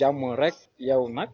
jàmm rek yow nag